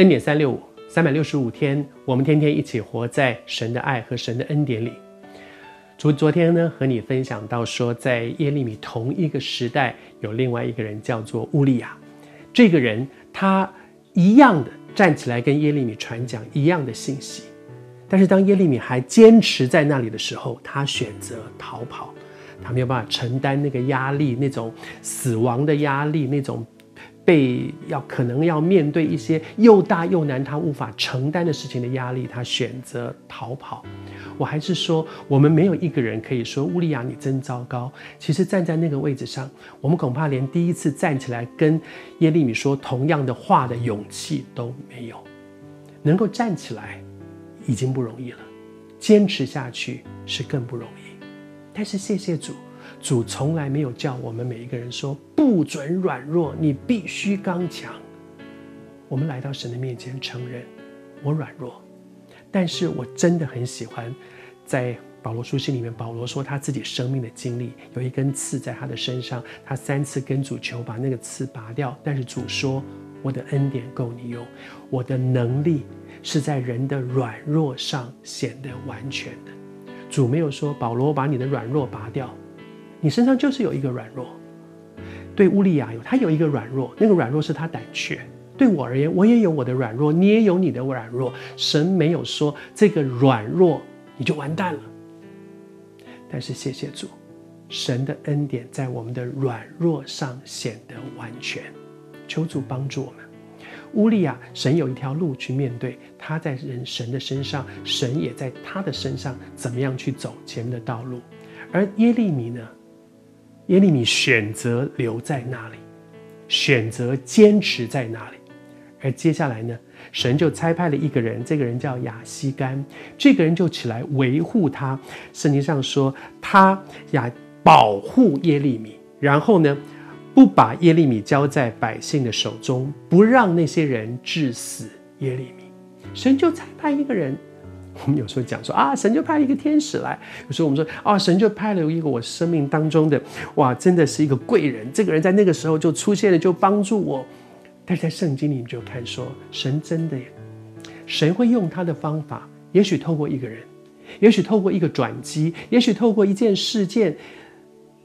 恩典三六五三百六十五天，我們天天一起活在神的愛和神的恩典裡。昨昨天呢，和你分享到說，在耶利米同一個時代，有另外一個人叫做烏利亞。這個人他一樣的站起來跟耶利米傳講一樣的信息，但是當耶利米還堅持在那裡的時候，他選擇逃跑，他沒有辦法承擔那個壓力，那種死亡的壓力，那種。被要可能要面對一些又大又難他無法承擔的事情的壓力，他選擇逃跑。我還是說，我們沒有一個人可以說烏利亞，你真糟糕。其實站在那個位置上，我們恐怕連第一次站起來跟耶利米說同樣的話的勇氣都沒有。能夠站起來已經不容易了，堅持下去是更不容易。但是謝謝主。主從來沒有叫我們每一個人說不准軟弱，你必須剛強。我們來到神的面前承認，我軟弱。但是我真的很喜歡在保羅書信裡面，保羅說他自己生命的經歷有一根刺在他的身上，他三次跟主求把那個刺拔掉，但是主說我的恩典夠你用。哦，我的能力是在人的軟弱上顯得完全的。主沒有說保羅把你的軟弱拔掉。你身上就是有一個軟弱，對烏利亞有，他有一個軟弱，那個軟弱是他膽怯。對我而言，我也有我的軟弱，你也有你的軟弱。神沒有說這個軟弱你就完蛋了，但是謝謝主，神的恩典在我們的軟弱上顯得完全。求主幫助我們，烏利亞，神有一條路去面對，他在人神的身上，神也在他的身上，怎麼樣去走前面的道路，而耶利米呢？耶利米選擇留在那裡，選擇堅持在那裡。而接下來呢，神就差派了一個人，這個人叫亞希甘，這個人就起來維護他。聖經上說，他呀，保護耶利米，然後呢，不把耶利米交在百姓的手中，不讓那些人治死耶利米。神就差派一個人。我們有時候講說啊，神就派了一個天使來；有時候我們說啊，神就派了一個我生命當中的，哇，真的是一個貴人。這個人在那個時候就出現了，就幫助我。但是在聖經裡面就看說，神真的耶，神會用他的方法，也許透過一個人，也許透過一個轉機，也許透過一件事件，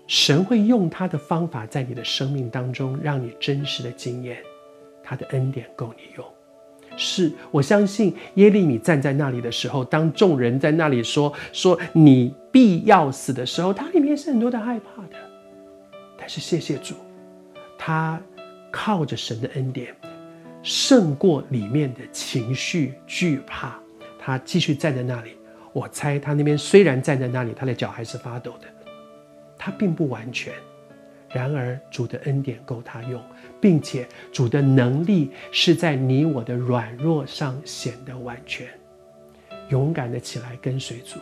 神會用他的方法，在你的生命當中，讓你真實的經驗，他的恩典夠你用。是，我相信耶利米站在那裡的時候，當眾人在那裡說說你必要死的時候，他裡面是很多的害怕的。但是謝謝主，他靠着神的恩典，勝過裡面的情緒懼怕，他繼續站在那裡。我猜他那邊雖然站在那裡，他的腳還是發抖的，他並不完全。然而主的恩典夠他用，並且主的能力是在你我的軟弱上顯得完全。勇敢的起來跟隨主，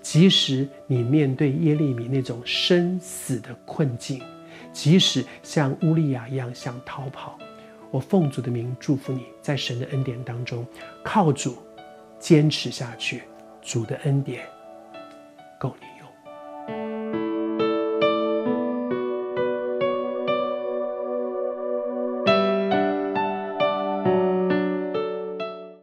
即使你面對耶利米那種生死的困境，即使像烏利亞一樣想逃跑，我奉主的名祝福你在神的恩典當中靠主堅持下去。主的恩典夠你。